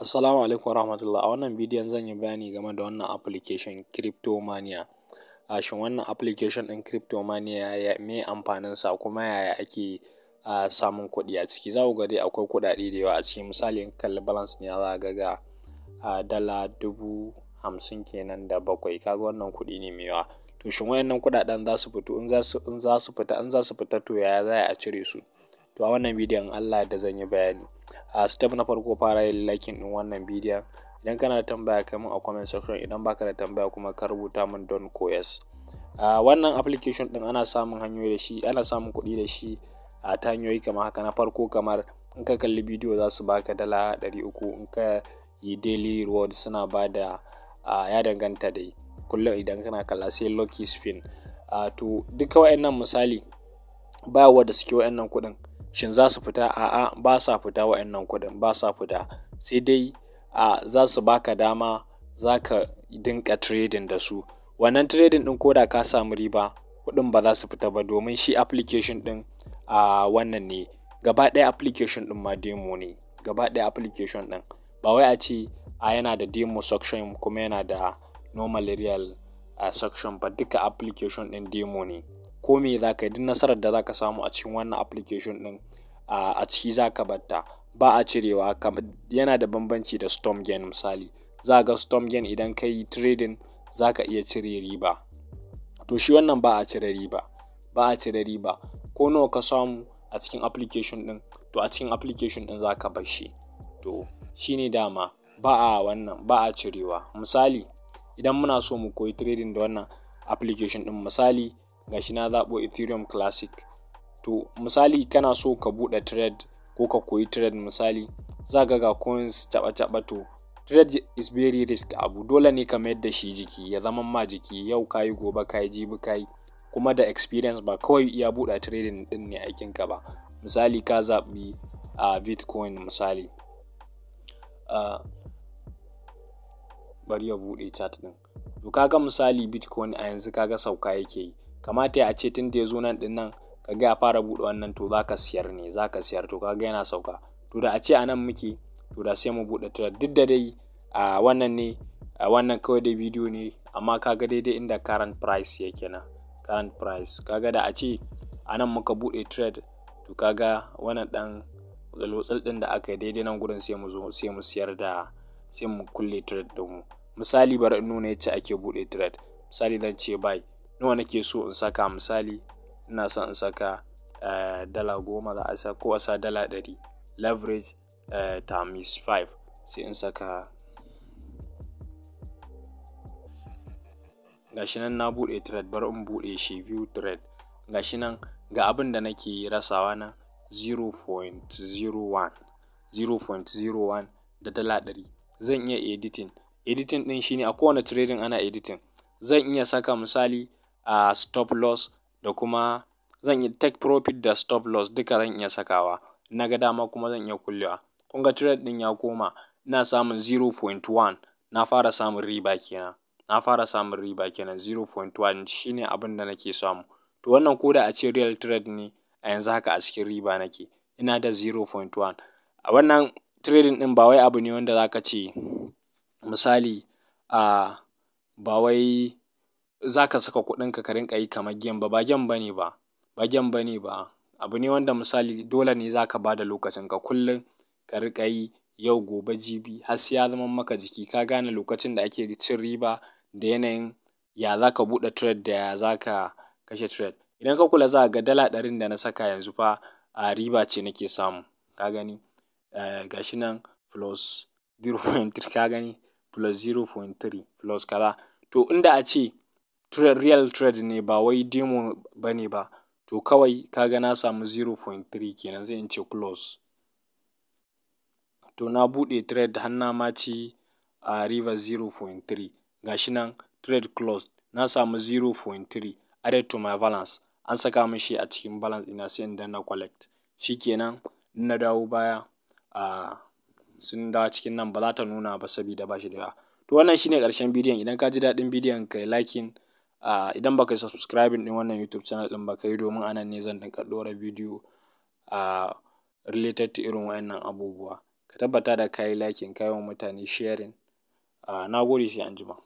Assalamu alaikum warahmatullah. A wannan bidiyon zan yi bayani game da wannan application Cryptomania. A shin wannan application ɗin Cryptomania ya me amfanin sa kuma yaya ake samun kuɗi a ciki. Za ku ga dai akwai kuɗaɗe da yawa a ciki. Misali in kalli balance ne za ka ga a dala dubu hamsin kenan da bakwai. Kaga wannan kuɗi ne mai yawa. To shin wayannan kuɗaɗen za su fito za su in za su fita in za su fita to yaya za a cire su? To a wannan bidiyon Allah da zan yi bayani. a step na farko fara yin liking din wannan bidiyo idan kana da tambaya kai mun a comment section idan baka da tambaya kuma ka rubuta mun don ko a wannan application din ana samun hanyoyi da shi ana samun kuɗi da shi a ta hanyoyi kamar haka na farko kamar in ka kalli bidiyo za su baka dala ɗari uku in ka yi daily reward suna ba da ya danganta dai kullum idan kana kalla sai lucky spin to duka wa'annan misali ba da suke wa'annan kuɗin shin za su fita a'a ba sa fita wa'annan kuɗin ba sa fita sai dai a za su baka dama za ka dinka trading da su wannan trading ɗin koda ka samu riba kuɗin ba za su fita ba domin shi application ɗin a wannan ne gaba ɗaya application ɗin ma demo ne gaba ɗaya application ɗin ba wai a ce a yana da demo section kuma yana da normal real section ba duka application ɗin demo ne ko me za ka yi duk nasarar da za ka samu a cikin wannan application ɗin a ciki za ka batta ba a cirewa yana da bambanci da storm gain misali za ga storm gain idan ka yi trading za ka iya cire riba to shi wannan ba a cire riba ba a cire riba ko nawa ka samu a cikin application ɗin to a cikin application ɗin za ka bar shi to shi ne dama ba a wannan ba a cirewa misali idan muna so mu koyi trading da wannan application ɗin misali gashi na zaɓo Ethereum Classic. To misali kana so ka buɗe trade ko ka koyi trade misali za ga ga coins taɓa-taɓa to trade is very risk abu dole ne ka mayar da shi jiki ya zama ma jiki yau kayi gobe kayi jibi kayi kuma da experience ba kawai iya buɗe trading din ne aikin ka ba misali ka zaɓi a uh, bitcoin misali uh, bari ya buɗe chat ɗin to kaga misali bitcoin a yanzu kaga sauka yake yi kamata ya ce tun da ya zo nan ɗin nan ka ga ya fara buɗe wannan to za ka siyar ne za siyar to kaga yana sauka to da a ce a nan muke to da sai mu buɗe ta duk da dai a wannan ne a wannan kawai da bidiyo ne amma kaga daidai inda current price yake nan current price kaga da a ce a nan muka buɗe trade to kaga wannan ɗan lotsal din da aka yi daidai nan gurin sai mu zo sai mu siyar da sai mu kulle trade din mu misali bari in nuna yacce ake buɗe trade misali zan ce bai. nawa nake so in saka misali ina son in saka eh, dala goma za a sa ko a sa dala ɗari leverage eh, times 5 sai in saka gashi nan na buɗe trade bar in buɗe shi view trade gashi nan ga abin da nake rasawa na 0.01 0.01 da dala ɗari zan iya editing editing ɗin shine a kowane trading ana editing zan iya saka misali a stop loss da kuma zan yi take profit da stop loss duka zan iya sakawa. Na ga dama kuma zan iya kullewa. Kun ga trade ɗin ya koma ina samun 0.1 na fara samun riba kenan. Na fara samun riba kenan 0.1 shine abin da nake samu. To wannan koda a ce real trade ne a yanzu haka a cikin riba nake. Ina da 0.1. A wannan trading ɗin ba wai abu ne wanda zaka ka ce misali, a ba wai za ka saka kuɗinka ka rinƙa yi kamar gem ba, ba ba ne ba, ba ne ba. Abu ne wanda misali dole ne za ka ba da lokacin ka kullum ka riƙa yi yau, gobe, jibi har sai ya zama maka jiki. Ka gane lokacin da ake cin riba da yanayin ya za ka buɗe trade da ya za ka kashe trade. Idan ka kula za ga dala ɗarin da na saka yanzu fa a riba ce nake samu. Ka gani? ga shi nan plus 0.3 ka gani? Plus 0.3 plus kaza. To inda a ce. real trade ne ba wai demo ba ne ba. To kawai ka ga na samu 0.3 kenan zai in ce close. To na bude trade hanna ma ci a river 0.3. gashi shi nan trade closed. Na samu 0.3 added to my balance. An saka min shi a cikin balance ina sai in na collect. Shi kenan in na dawo baya, a sun dawo cikin nan ba za ta nuna ba sabida ba shi da To wannan shine karshen bidiyon. Idan ka ji daɗin bidiyon kai yi liking. Ah, idan baka yi subscribing din wannan YouTube channel din baka yi domin anan ne zan dinka ɗora bidiyo a ah, related to irin wayannan abubuwa. Ka tabbata da kayi liking, kai wa mutane sharing. nagode ah, na gode sai anjima.